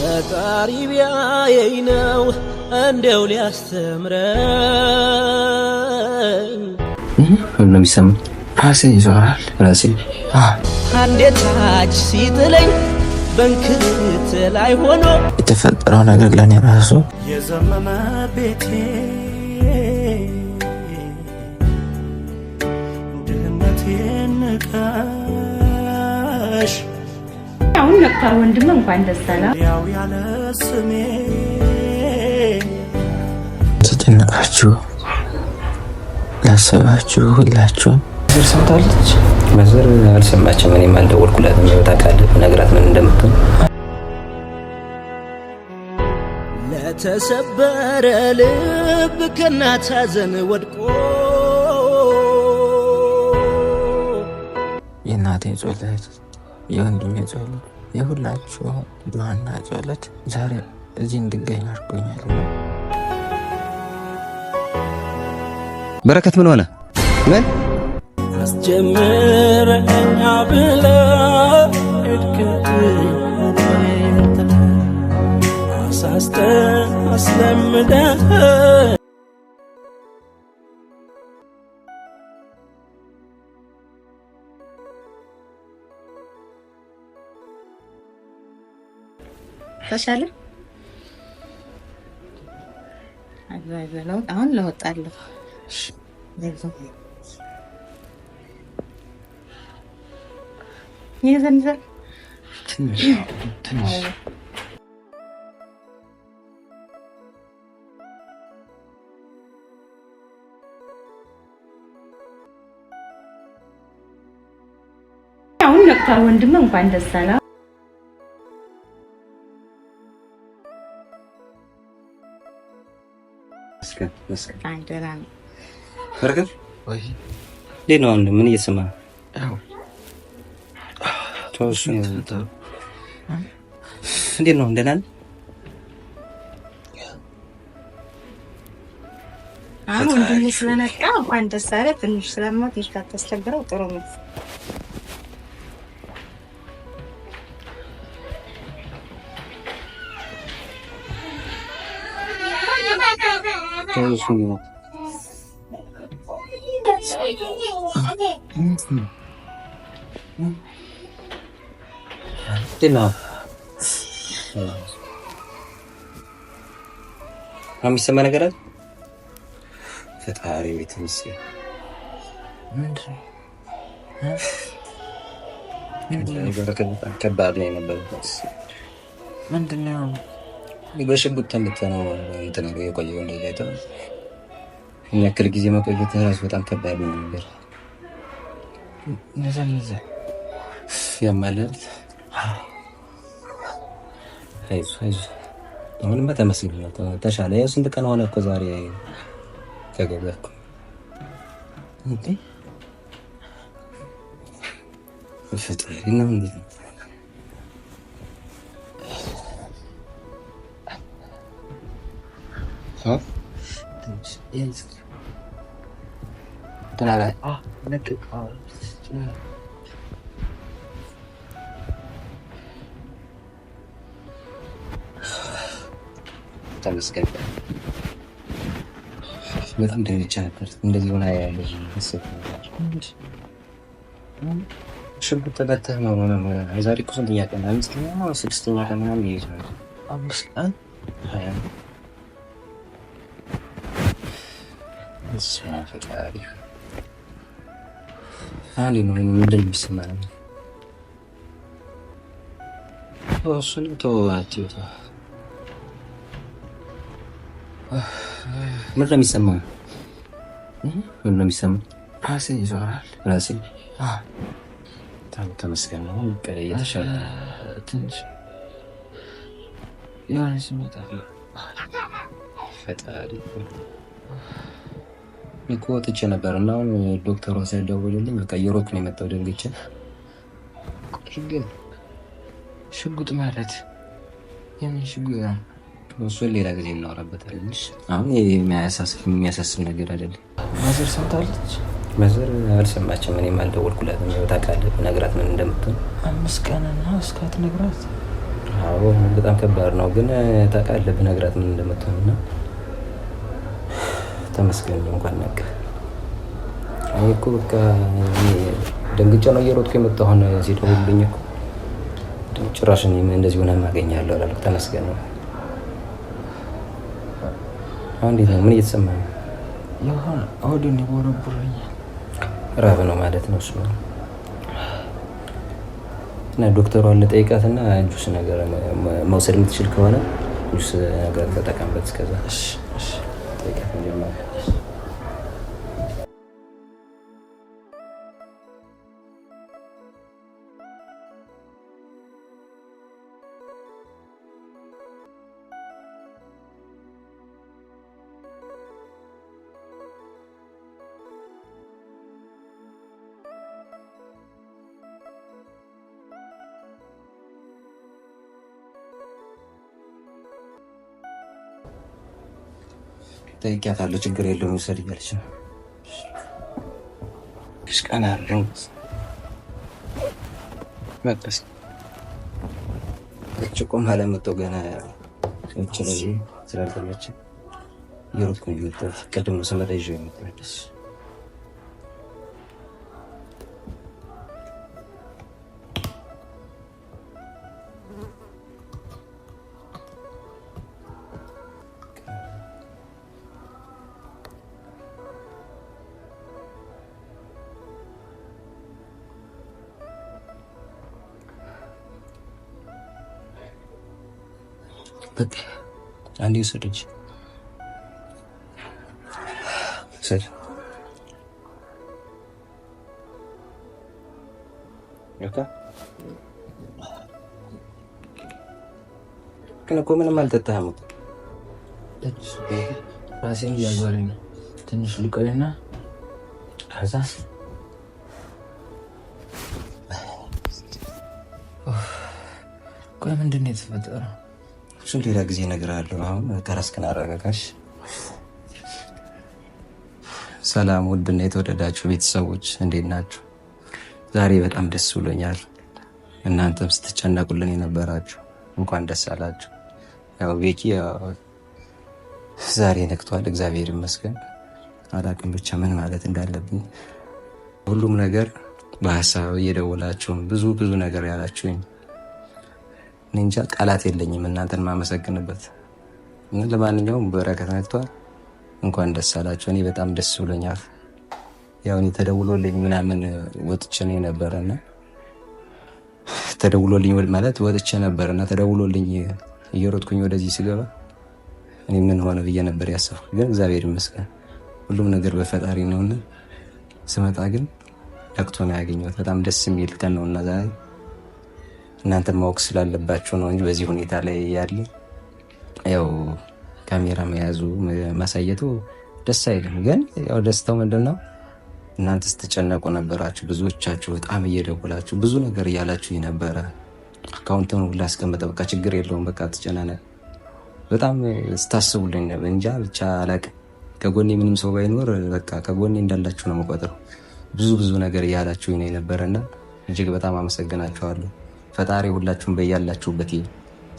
ፈጣሪ ቢያየኝ ነው እንደው ሊያስተምረኝ ነው የሚሰማኝ። ራሴን ይዞራል ራሴ አንዴ ታች ሲጥለኝ በንክት ላይ ሆኖ የተፈጠረው ነገር ለእኔ ራሱ የዘመመ ቤቴ ድህነቴ ንቀሽ አሁን ነቅቷል። ወንድም እንኳን ደስ ስሜ ተጨነቃችሁ ያሰባችሁ ሁላችሁም መዘር ሰምታለች። በዘር አልሰማችም። እኔም አልደወልኩላትም። የሚወጣ ቃል ነግራት ምን እንደምትሆን ለተሰበረ ልብ ከእናት ሐዘን ወድቆ የእናቴ ጸሎት የወንድሜ ጸሎት የሁላችሁ ዱዓና ጸሎት ዛሬ እዚህ እንድገኝ አድርጎኛል። በረከት ምን ሆነ? ምን አስጀምረኛ ብለ አሳስተ አስለምደ ተሻለ አሁን ለወጣለሁ ይዘንዘል ዘንዘር ትንሽ አሁን ነቅቷል። ወንድም እንኳን ደስ አለህ። ይመስገን ደህና ነው። በረከት እንዴት ነው? ምን እየተሰማ ነው? እንዴት ነው? ደህና ነህ? አሁን ትንሽ ስለነቃ እንኳን ደስ አለህ። ትንሽ ስለማትንሽ ካታስቸግረው ጥሩ ነው። そうですね。でな。የሚሰማ ነገር አለ። ፈጣሪ ቤት ምስል ምንድን ነው? ከባድ ነው የነበረው ምንድን ነው? በሽጉጥ ተምተ እንትን የቆየው እንደዚ አይተ የሚያክል ጊዜ መቆየት ራሱ በጣም ከባድ ነው ነገር እነዛ እነዛ ያማለል አሁንማ ተመስግናል ተሻለ ያው ስንት ቀን ሆነ እኮ ዛሬ ተገበኩ እንዴ ፍጥሪ ነው Co? Jest. Dalej. A, lepiej. A, nie. ተመስገን በጣም ደንቻ ነበር። እንደዚህ ሆና ያለሽ ሴት ነበር። ሽንኩርት ተበተህ እኮ ስንተኛ ቀን? አምስተኛ ስድስተኛ ቀን ምናምን ይይዝ ነበር። አምስት ቀን ምን ለሚሰማ ምን ለሚሰማ ራሴን ይዞራል። ራሴን በጣም ተመስገን ነው። የተሻለ ትንሽ የሆነ ሲመጣ ፈጣሪ እኮ ወጥቼ ነበር እና አሁን ዶክተሯ ሳይደወልልኝ በቃ የሮክ ነው የመጣው ደንግጬ። ግን ሽጉጥ ማለት የምን ሽጉጥ ነው? እሱን ሌላ ጊዜ እናወራበታለን። አሁን የሚያሳስብ ነገር አይደለም። መዘር ሰምታለች። መዘር አልሰማችም። እኔም አልደወልኩላትም። ታውቃለህ፣ ነግራት ምን እንደምትሆን አምስት ቀን እና እስካት ነግራት። አዎ በጣም ከባድ ነው። ግን ታውቃለህ፣ ብነግራት ምን እንደምትሆን እና ተመስገን እንኳን ነቃ። እኔ እኮ በቃ ደንግጬ ነው እየሮጥኩ የመጣሁ። አሁን ሲደውልልኝ እኮ ጭራሽ እንደዚህ ሆነ ማገኛለሁ አላልኩ። ተመስገን ነው። አሁን እንዴት ነው? ምን እየተሰማ ነው? ይሁን ሆድን ይቦረቡረኛል። ራብ ነው ማለት ነው እሱ እና ዶክተሯን ልጠይቃት እና ጁስ ነገር መውሰድ የምትችል ከሆነ ጁስ ነገር ተጠቀምበት እስከዛ your you. ጠይቂያታለሁ። ችግር የለውም ይውሰድ እያለች ነው። ቀን መጠስ ጭቆም አለመጠው ገና ሰዎች ስላልተመቸኝ የሮጥኩኝ መጠት ስመጣ በቃ አንዴ ውሰደች። ውሰድ። ግን እኮ ምንም አልጠጣህም። ራሴን እያዟለኝ ነው። ትንሽ ልቆይና ከዛ ቆይ ምንድን ነው የተፈጠረው? እሱን ሌላ ጊዜ እነግርሃለሁ። አሁን ከረስክን አረጋጋሽ። ሰላም ውድና የተወደዳችሁ ቤተሰቦች እንዴት ናችሁ? ዛሬ በጣም ደስ ብሎኛል። እናንተም ስትጨነቁልን የነበራችሁ እንኳን ደስ አላችሁ። ያው ቤኪ ዛሬ ነግቷል፣ እግዚአብሔር ይመስገን። አላቅም ብቻ ምን ማለት እንዳለብኝ ሁሉም ነገር በሀሳብ እየደወላችሁን ብዙ ብዙ ነገር ያላችሁኝ እንጃ ቃላት የለኝም እናንተን ማመሰግንበት። ለማንኛውም በረከት ነግቷል። እንኳን ደስ አላቸው። እኔ በጣም ደስ ብሎኛል። ያው እኔ ተደውሎልኝ ምናምን ወጥቼ ነው የነበረና ተደውሎልኝ ማለት ወጥቼ ነበር እና ተደውሎልኝ እየሮጥኩኝ ወደዚህ ስገባ እኔ ምን ሆነ ብዬ ነበር ያሰብኩ። ግን እግዚአብሔር ይመስገን ሁሉም ነገር በፈጣሪ ነውና ስመጣ ግን ለቅቶ ነው ያገኘሁት። በጣም ደስ የሚል ቀን ነውና ዛሬ እናንተ ማወቅ ስላለባቸው ነው እንጂ በዚህ ሁኔታ ላይ ያለ ያው ካሜራ መያዙ ማሳየቱ ደስ አይልም። ግን ያው ደስታው ምንድን ነው? እናንተ ስትጨነቁ ነበራችሁ። ብዙዎቻችሁ በጣም እየደወላችሁ ብዙ ነገር እያላችሁ ነበረ። አካውንትን ሁላ አስቀምጠ በቃ ችግር የለውም በቃ ትጨናነቅ በጣም ስታስቡልኝ እንጃ ብቻ አላቅ ከጎኔ ምንም ሰው ባይኖር በቃ ከጎኔ እንዳላችሁ ነው መቆጥረው። ብዙ ብዙ ነገር እያላችሁ ነው የነበረና እጅግ በጣም አመሰግናችኋለሁ። ፈጣሪ ሁላችሁም በያላችሁበት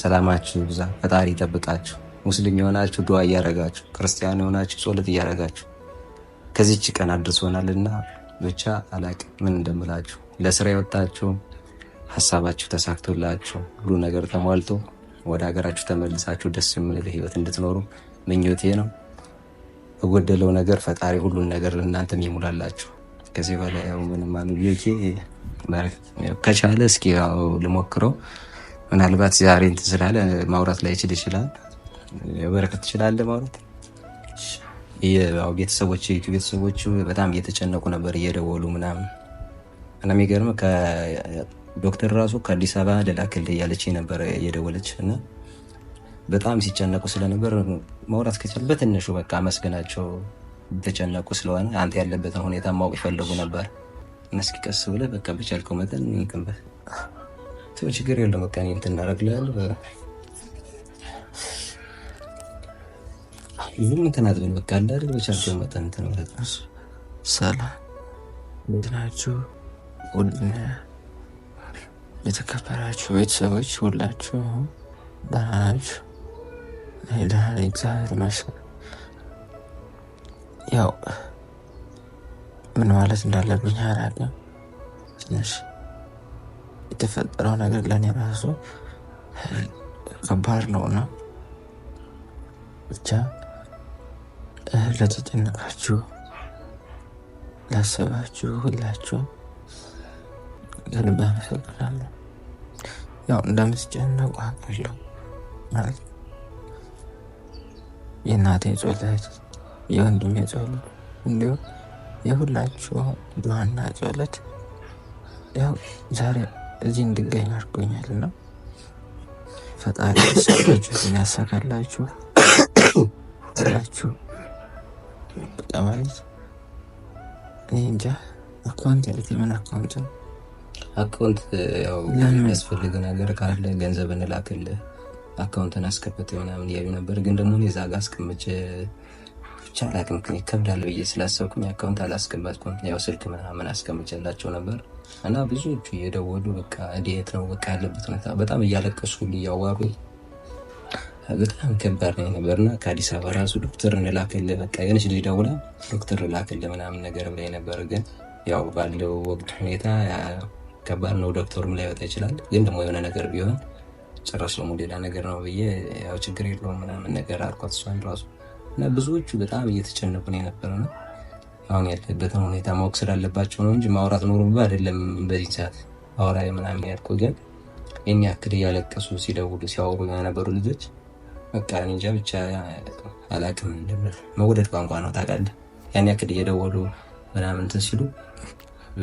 ሰላማችሁ ብዛ፣ ፈጣሪ ይጠብቃችሁ። ሙስሊም የሆናችሁ ዱዓ እያረጋችሁ፣ ክርስቲያን የሆናችሁ ጸሎት እያረጋችሁ ከዚች ቀን አድርሶናልና ብቻ አላቅም ምን እንደምላችሁ። ለስራ የወጣችሁ ሀሳባችሁ ተሳክቶላችሁ ሁሉ ነገር ተሟልቶ ወደ ሀገራችሁ ተመልሳችሁ ደስ የምንል ህይወት እንድትኖሩ ምኞቴ ነው። በጎደለው ነገር ፈጣሪ ሁሉን ነገር ለእናንተም ይሙላላችሁ። ከዚህ በላይ ያው ምንም አሉ ከቻለ እስኪ ያው ልሞክረው። ምናልባት ዛሬ እንትን ስላለ ማውራት ላይችል ይችላል። በረከት ትችላለህ ማውራት። ቤተሰቦች ቤተሰቦቹ በጣም እየተጨነቁ ነበር እየደወሉ ምናምን እና የሚገርም ዶክተር ራሱ ከአዲስ አበባ ሌላ ልላክልህ እያለች ነበር እየደወለች እና በጣም ሲጨነቁ ስለነበር ማውራት ከቻል በትንሹ በቃ አመስግናቸው የተጨነቁ ስለሆነ አንተ ያለበትን ሁኔታ ማወቅ ይፈልጉ ነበር። እስኪ ቀስ ብለህ በቃ በቻልከው መጠን ይቅንበት ሰው ችግር የለ በቃ ትናረግላል እናደርግልሃለሁ። ትናት ብን አጥብን በቃ እንዳደርግ በቻልከው መጠን እንትን ማለት ነው። ሰላም የተከበራችሁ ቤተሰቦች ሁላችሁ ደህና ናችሁ? ደህና እግዚአብሔር ይመስገን። ያው ምን ማለት እንዳለብኝ አላውቅም። ትንሽ የተፈጠረው ነገር ለእኔ ራሱ ከባድ ነው እና ብቻ ለተጨነቃችሁ ላሰባችሁ ሁላችሁ ከልብ አመሰግናለሁ። ያው እንደምትጨነቁ አውቃለሁ ማለት የእናቴ ጸሎት የወንድም ጸሎት እንዲሁ የሁላችሁ ዱዓና ጸሎት ያው ዛሬ እዚህ እንድገኝ አድርጎኛል ነው ፈጣሪ ሰባችሁን ያሳካላችሁ ላችሁ በጣም አሪፍ እኔ እንጃ አካውንት ያለት የምን አካውንት ነው? አካውንት ያው የሚያስፈልግ ነገር ካለ ገንዘብ እንላክል አካውንትን አስከፈት ምናምን እያሉ ነበር፣ ግን ደግሞ እኔ ጋ አስቀምጬ ብቻ አላውቅም፣ ግን ይከብዳል ብዬ ስላሰብኩኝ አካውንት አላስቀመጥኩም። ያው ስልክ ምናምን አስቀምጨላቸው ነበር እና ብዙዎቹ እየደወሉ በቃ እንዴት ነው በቃ ያለበት ሁኔታ በጣም እያለቀሱ እያዋሩ በጣም ከባድ ነው የነበርና ከአዲስ አበባ ራሱ ዶክተር እንላክልህ በቃ የሆነች ልጅ ደውላ ዶክተር እንላክልህ ምናምን ነገር ብላኝ ነበር። ግን ያው ባለው ወቅት ሁኔታ ከባድ ነው፣ ዶክተሩም ላይወጣ ይችላል። ግን ደግሞ የሆነ ነገር ቢሆን ጭራሽ ደግሞ ሌላ ነገር ነው ብዬ ያው ችግር የለውም ምናምን ነገር አልኳት እሷን ራሱ እና ብዙዎቹ በጣም እየተጨነቁ ነው የነበረ ነው። አሁን ያለበትን ሁኔታ ማወቅ ስላለባቸው ነው እንጂ ማውራት ኖሮብህ አይደለም። በዚህ ሰዓት አውራ ምናምን ያልኩህ ግን የኔ ያክል እያለቀሱ ሲደውሉ ሲያወሩ የነበሩ ልጆች በቃ እንጃ ብቻ አላቅም። መውደድ ቋንቋ ነው ታውቃለህ። ያን ያክል እየደወሉ ምናምን እንትን ሲሉ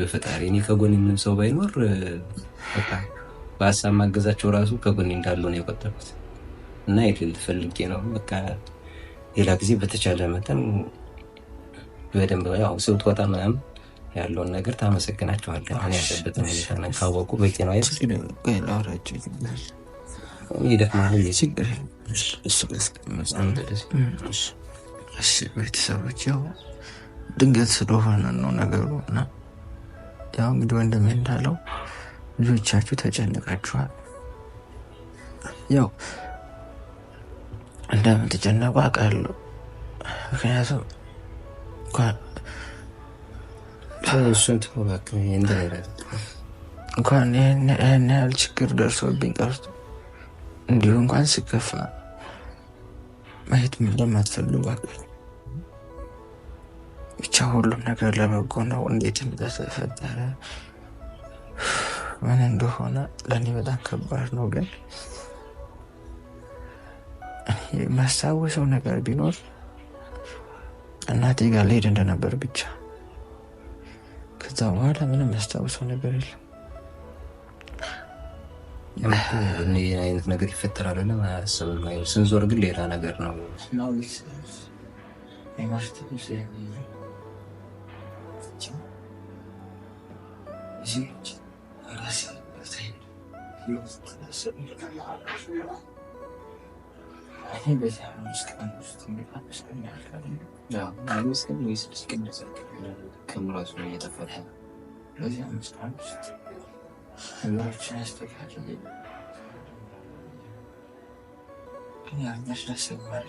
በፈጣሪ እኔ ከጎን የምንም ሰው ባይኖር በሀሳብ ማገዛቸው ራሱ ከጎን እንዳሉ ነው የቆጠሩት እና የሌል ፈልጌ ነው በቃ ሌላ ጊዜ በተቻለ መጠን በደንብ ያው ስትወጣ ምናምን ያለውን ነገር ታመሰግናቸዋለህ። ያለበትን ሁኔታ ካወቁ በቂ ነው። ቤተሰቦች ያው ድንገት ስለሆነ ነው ነገሩ እና ያው እንግዲህ ወንድሜ እንዳለው ልጆቻችሁ ተጨንቃችኋል ያው እንደምትጨነቁ አውቃለሁ። ምክንያቱም እንኳን ይህን ያህል ችግር ደርሶብኝ ቀርቶ እንዲሁ እንኳን ስከፋ ማየት እንደማትፈልጉ አውቃለሁ። ብቻ ሁሉም ነገር ለበጎ ነው። እንዴት እንደተፈጠረ ምን እንደሆነ ለእኔ በጣም ከባድ ነው ግን የማስታወሰው ነገር ቢኖር እናቴ ጋር ልሄድ እንደነበር ብቻ። ከዛ በኋላ ምንም ማስታወሰው ነገር የለም። አይነት ነገር ይፈጠራል ብለን አያስብም። ስንዞር ግን ሌላ ነገር ነው። በዚህ ውስጥ ቀን ውስጥ መንግስት ግን የስድስት ቀን ከምራሱ ነው እየተፈታ በዚህ አምስት ቀን ውስጥ ነገሮችን ያስተካክል ያስደስባል።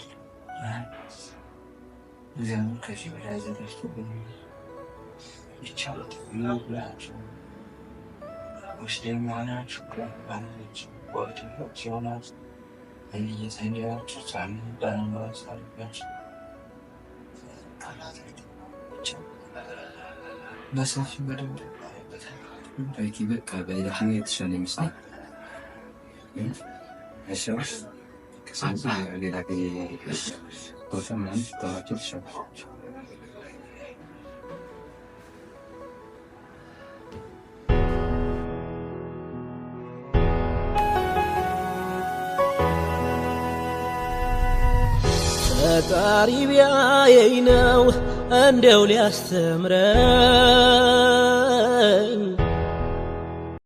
እግዚአብሔር ከዚህ በላይ አዘጋጅቶ ይቻላል ብላቸው ሙስሊም ሆናችሁ ባለች ቦታዎች ይሆናል በየ ዘዴዎቹ ጸበል በመባል ሰሪዎች በሰፊው በደንብ በቃ በየትኛው የተሻለ ይመስላል? ሌላ ጊዜ ቦታ ምናምን ተዋቸው ተሻለ ፈጣሪ ቢያየኝ ነው እንደው ሊያስተምረኝ